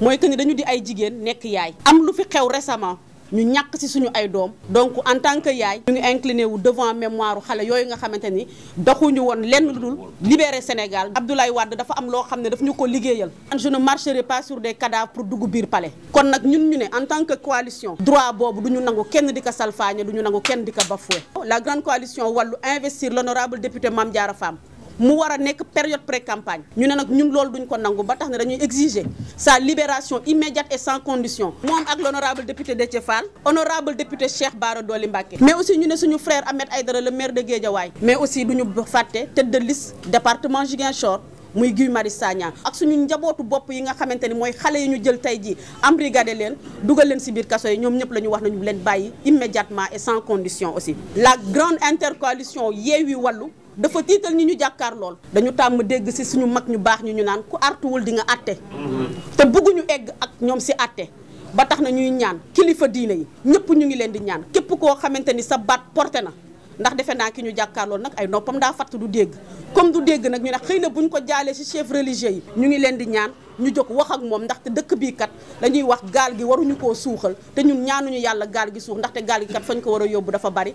moy que ni dañu di ay jigen nek yaay am lu fi xew récemment ñu ñak ci suñu ay doom donc en tant que yaay ñu ngi incliné wu devant mémoire xalé yoy nga xamanteni ni doxuñu woon lenn lu libérer Sénégal Abdoulaye Wade dafa am lo xamné daf ñu ko je ne marcherai pas sur des cadavres pour dugg bir palais kon nak ñun ñu né en tant que coalition droit bobu duñu ñu nangu kenn di ko salfaañe du n'ango nangu kenn di ko bafoué la grande coalition walu investir l'honorable député mam diara femme mu période pré-campagne Nous, ne nag ñun loolu duñ ko nangu ba tax sa libération immédiate et sans condition Moi, ak l'honorable député de Fall honorable député Cheikh Bara Dolly mais aussi ñu ne suñu frère Ahmed Aydara, le maire de Guédiawaye mais aussi duñu fàtte tête de liste département Ziguinchor muy Guy Marius Sagna ak suñu njabootu bop yi nga xamante ni mooy xale yi ñu jël tey jii embrigadé leen dugal leen ci biir kaso yi ñoom ñëpp la ñu leen immédiatement et sans condition aussi la grande intercoalition yewi walu dafa tiital ñi ñu jàkkaar lool dañu tàmm dégg si suñu mag ñu baax ñu ñu naan ku artuwul di nga àtte mhm. te bëgguñu egg ak ñoom si àtte ba tax na ñuy ñaan kilifa diine yi ñëpp ñu ngi leen di ñaan képp koo xamante ni sa baat porté na ndax defe naa ki ñu jàkkaarloo nag ay noppam daa fatt du dégg comme du dégg nag ñu ne xëy na buñ ko jaalee ci chef yi ñu ngi leen di ñaan ñu jóg wax ak moom ndaxte dëkk bii kat dañuy wax gaal gi waruñu ko suuxal te ñun ñaanuñu yàlla gaal gi suux ndaxte gaal gi kat fañ ko war a yóbbu dafa bari